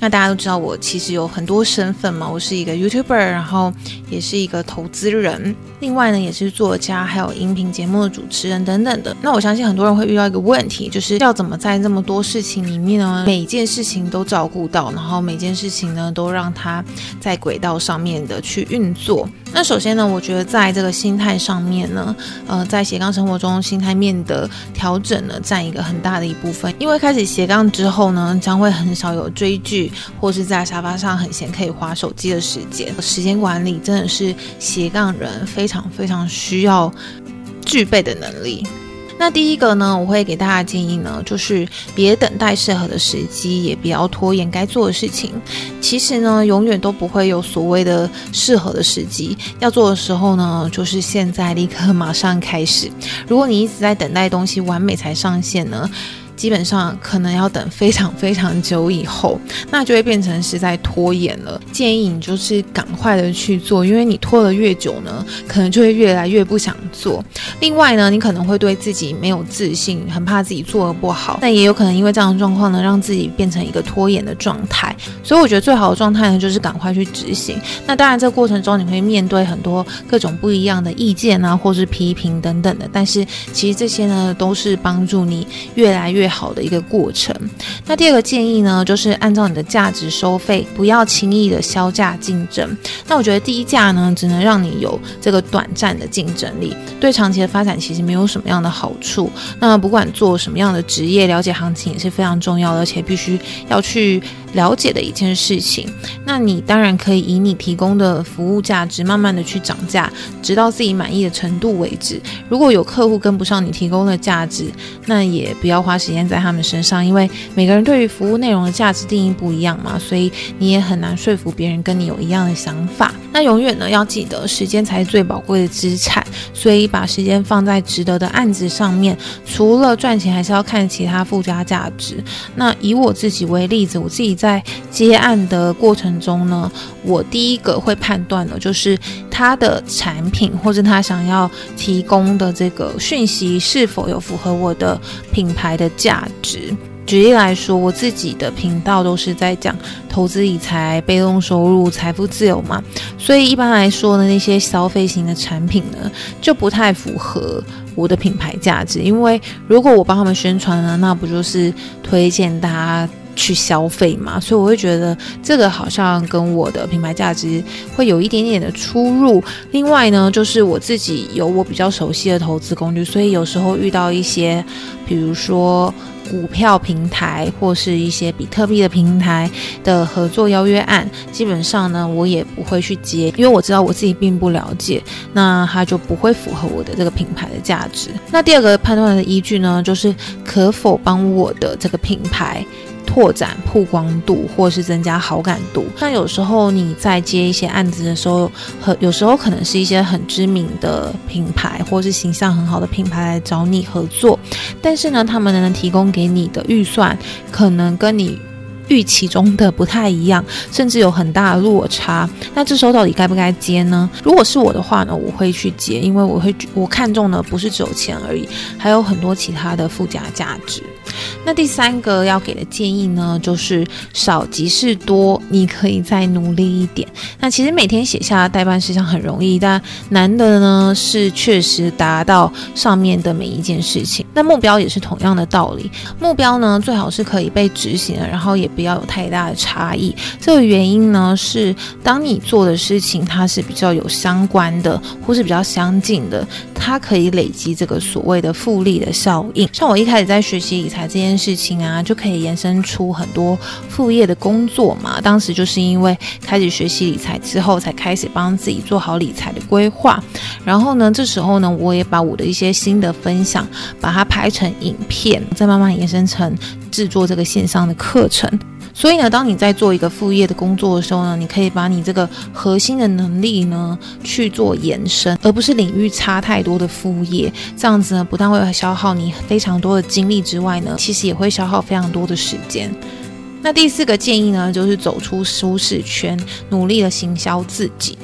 那大家都知道，我其實有很多身份嘛，我是一個 YouTuber，然後也是一個投資人，另外呢也是作家，還有音頻節目的主持人等等的。那我相信很多人會遇到一個問題，就是要怎麼在那麼多事情裡面呢，每件事情都照顧到，然後每件事情呢都讓它在軌道上面的去運作。那首先呢，我覺得在這個心態上面呢，呃，在斜槓生活中，心態面的調整呢占一個很大的一部分，因為開始斜槓之後呢，將會很少有追劇。或是在沙發上很閒可以劃手機的時間，時間管理真的是斜槓人非常非常需要具備的能力。那第一個呢，我會給大家建議呢，就是別等待適合的時機，也不要拖延該做的事情。其實呢，永遠都不會有所謂的適合的時機，要做的時候呢，就是現在立刻馬上開始。如果你一直在等待東西完美才上線呢，基本上可能要等非常非常久以後，那就會變成是在拖延了。建議你就是趕快的去做，因為你拖得越久呢，可能就會越來越不想做。另外呢，你可能會對自己沒有自信，很怕自己做得不好。那也有可能因為這樣的狀況呢，讓自己變成一個拖延的狀態。所以我覺得最好的狀態呢，就是趕快去執行。那當然，這過程中你會面對很多各種不一樣的意見啊，或是批評等等的。但是其實這些呢，都是幫助你越來越。好的一個過程。那第二個建議呢，就是按照你的價值收費，不要輕易的削價競爭。那我覺得低價呢，只能讓你有這個短暫的競爭力，對長期的發展其實沒有什麼樣的好處。那不管做什麼樣的職業，了解行情也是非常重要的，而且必須要去。了解的一件事情，那你當然可以以你提供的服務價值，慢慢的去漲價，直到自己滿意的程度為止。如果有客戶跟不上你提供的價值，那也不要花時間在他們身上，因為每個人對於服務內容的價值定義不一樣嘛，所以你也很難說服別人跟你有一樣的想法。那永遠呢要記得，時間才是最寶貴的資產，所以把時間放在值得的案子上面。除了賺錢，還是要看其他附加價值。那以我自己為例子，我自己。在接案的過程中呢，我第一個會判斷的，就是他的產品或者他想要提供的這個訊息是否有符合我的品牌的價值。舉例來說，我自己的頻道都是在講投資理財、被動收入、財富自由嘛，所以一般來說呢，那些消費型的產品呢，就不太符合我的品牌價值。因為如果我幫他們宣傳呢，那不就是推薦大家去消費嘛，所以我會覺得這個好像跟我的品牌價值會有一點點的出入。另外呢，就是我自己有我比較熟悉的投資工具，所以有時候遇到一些，比如說股票平台或是一些比特幣的平台的合作邀約案，基本上呢，我也不會去接，因為我知道我自己並不了解，那它就不會符合我的這個品牌的價值。那第二個判斷的依據呢，就是可否幫我的這個品牌。拓展曝光度，或是增加好感度。像有時候你在接一些案子的時候，很有時候可能是一些很知名的品牌，或是形象很好的品牌來找你合作，但是呢，他們能提供給你的預算，可能跟你，預期中的不太一樣，甚至有很大的落差。那這時候到底該不該接呢？如果是我的話呢，我會去接，因為我會我看中的不是只有錢而已，還有很多其他的附加價值。那第三個要給的建議呢，就是少即是多，你可以再努力一點。那其實每天寫下待辦事項很容易，但難的呢是確實達到上面的每一件事情。那目標也是同樣的道理，目標呢最好是可以被執行，然後也。不要有太大的差異。這個原因呢，是當你做的事情它是比較有相關的，或是比較相近的，它可以累積這個所謂的複利的效應。像我一開始在學習理財這件事情啊，就可以延伸出很多副業的工作嘛。當時就是因為開始學習理財之後，才開始幫自己做好理財的規劃。然後呢，這時候呢，我也把我的一些心得分享，把它拍成影片，再慢慢延伸成。製作這個線上的課程，所以呢，當你在做一個副業的工作的時候呢，你可以把你這個核心的能力呢去做延伸，而不是領域差太多的副業。這樣子呢，不但會消耗你非常多的精力之外呢，其實也會消耗非常多的時間。那第四個建議呢，就是走出舒適圈，努力的行銷自己。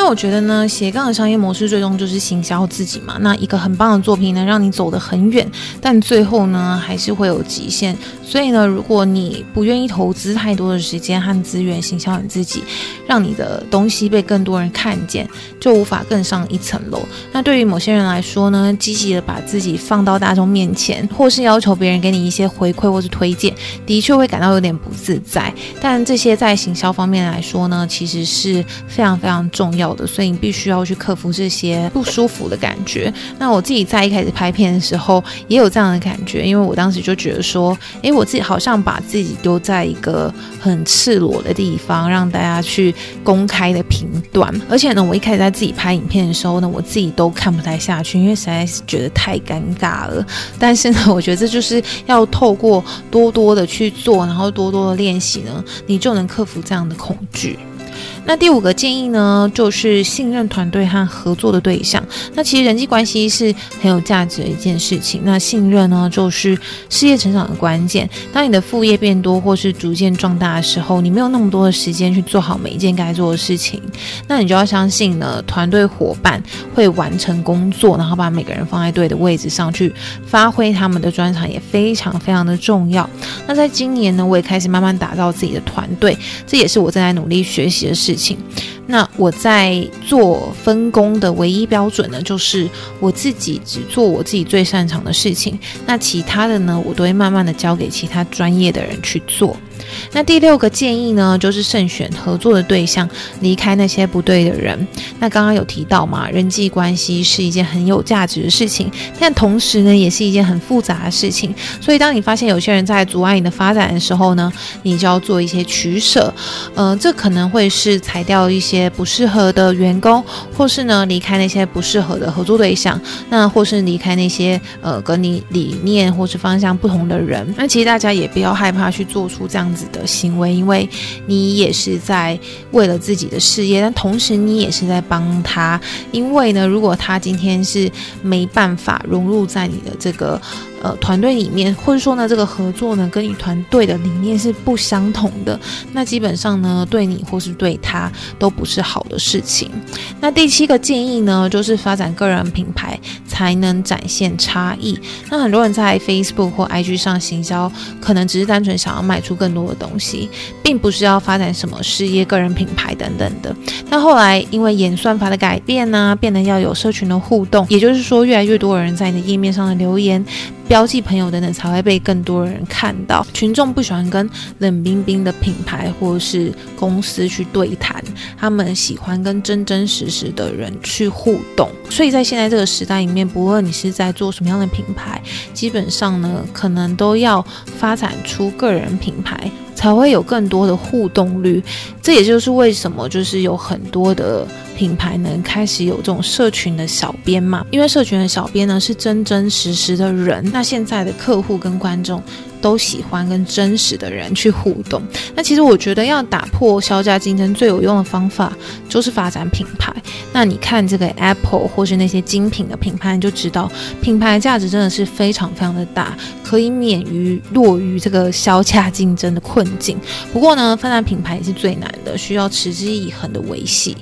因為我覺得呢，斜槓的商業模式最終就是行銷自己嘛。那一個很棒的作品能讓你走得很遠，但最後呢，還是會有極限。所以呢，如果你不願意投資太多的時間和資源行銷你自己，讓你的東西被更多人看見，就無法更上一層樓。那對於某些人來說呢，積極的把自己放到大眾面前，或是要求別人給你一些回饋或是推薦，的確會感到有點不自在。但這些在行銷方面來說呢，其實是非常非常重要的，所以你必須要去克服這些不舒服的感覺。那我自己在一開始拍片的時候，也有這樣的感覺，因為我當時就覺得說，誒、欸，我。我自己好像把自己丟在一個很赤裸的地方，讓大家去公開的評斷。而且呢，我一開始在自己拍影片的時候呢，我自己都看不太下去，因為實在是覺得太尷尬了。但是呢，我覺得這就是要透過多多的去做，然後多多的練習呢，你就能克服這樣的恐懼。那第五個建議呢，就是信任團隊和合作的對象。那其實人際關係是很有價值的一件事情。那信任呢，就是事業成長的關鍵。當你的副業變多或是逐漸壯大的時候，你沒有那麼多的時間去做好每一件該做的事情，那你就要相信呢，團隊夥伴會完成工作，然後把每個人放在對的位置上去發揮他們的專長，也非常非常的重要。那在今年呢，我也開始慢慢打造自己的團隊，這也是我正在努力學習的事事情。那我在做分工的唯一標準呢，就是我自己只做我自己最擅長的事情。那其他的呢，我都會慢慢的交給其他專業的人去做。那第六個建議呢，就是慎選合作的對象，離開那些不對的人。那剛剛有提到嘛，人際關係是一件很有價值的事情，但同時呢，也是一件很複雜的事情。所以當你發現有些人在阻礙你的發展的時候呢，你就要做一些取舍。呃，這可能會是裁掉一些。些不適合的員工，或是呢離開那些不適合的合作對象，那或是離開那些呃跟你理念或是方向不同的人。那其實大家也不要害怕去做出這樣子的行為，因為你也是在為了自己的事業，但同時你也是在幫他。因為呢，如果他今天是沒辦法融入在你的這個呃團隊裡面，或者說呢這個合作呢跟你團隊的理念是不相同的，那基本上呢對你或是對他都不。是好的事情。那第七個建議呢，就是發展個人品牌，才能展現差異。那很多人在 Facebook 或 IG 上行銷，可能只是單純想要賣出更多的東西，並不是要發展什麼事業、個人品牌等等的。但後來因為演算法的改變呢、啊，變得要有社群的互動，也就是說，越來越多的人在你的頁面上的留言。標記朋友等等，才會被更多人看到。群眾不喜歡跟冷冰冰的品牌或是公司去對談，他們喜歡跟真真實實的人去互動。所以在現在這個時代裡面，不論你是在做什麼樣的品牌，基本上呢，可能都要發展出個人品牌。才會有更多的互動率，這也就是為什麼就是有很多的品牌呢，開始有這種社群的小編嘛，因為社群的小編呢是真真實實的人，那現在的客戶跟觀眾。都喜歡跟真實的人去互動。那其實我覺得要打破削價競爭最有用的方法，就是發展品牌。那你看這個 Apple 或是那些精品的品牌，你就知道品牌價值真的是非常非常的大，可以免於落於這個削價競爭的困境。不過呢，發展品牌也是最難的，需要持之以恆的維繫。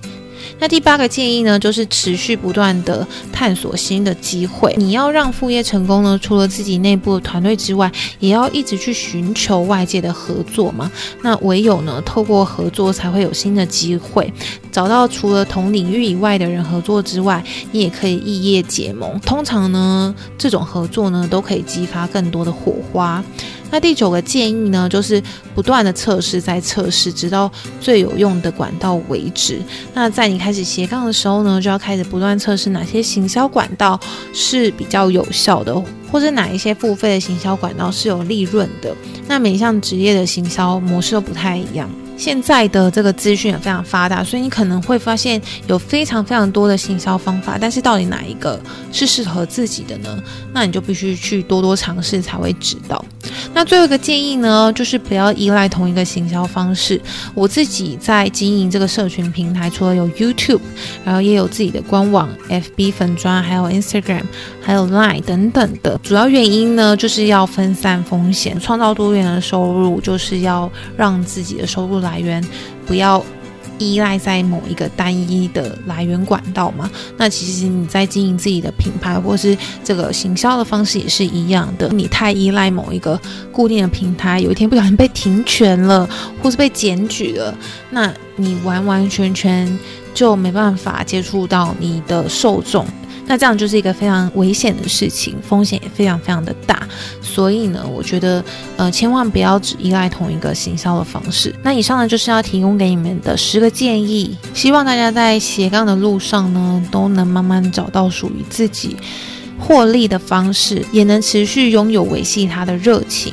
那第八個建議呢，就是持續不斷的探索新的機會。你要讓副業成功呢，除了自己內部的團隊之外，也要一直去尋求外界的合作嘛。那唯有呢，透過合作才會有新的機會。找到除了同領域以外的人合作之外，你也可以異業結盟。通常呢，這種合作呢，都可以激發更多的火花。那第九個建議呢，就是不斷的測試，再測試，直到最有用的管道為止。那在你開始斜槓的時候呢，就要開始不斷測試哪些行銷管道是比較有效的，或者哪一些付費的行銷管道是有利潤的。那每一項職業的行銷模式都不太一樣，現在的這個資訊也非常發達，所以你可能會發現有非常非常多的行銷方法，但是到底哪一個是適合自己的呢？那你就必須去多多嘗試才會知道。那最後一個建議呢，就是不要依賴同一個行銷方式。我自己在經營這個社群平台，除了有 YouTube，然後也有自己的官網、FB 粉專，還有 Instagram，還有 Line 等等的。主要原因呢，就是要分散風險，創造多元的收入，就是要讓自己的收入來源不要依賴在某一個單一的來源管道嘛。那其實你在經營自己的品牌或是這個行銷的方式也是一樣的。你太依賴某一個固定的平台，有一天不小心被停權了，或是被檢舉了，那你完完全全。就沒辦法接觸到你的受眾，那這樣就是一個非常危險的事情，風險也非常非常的大。所以呢，我覺得，呃，千萬不要只依賴同一個行銷的方式。那以上呢，就是要提供給你們的十個建議，希望大家在斜槓的路上呢，都能慢慢找到屬於自己獲利的方式，也能持續擁有維繫他的熱情。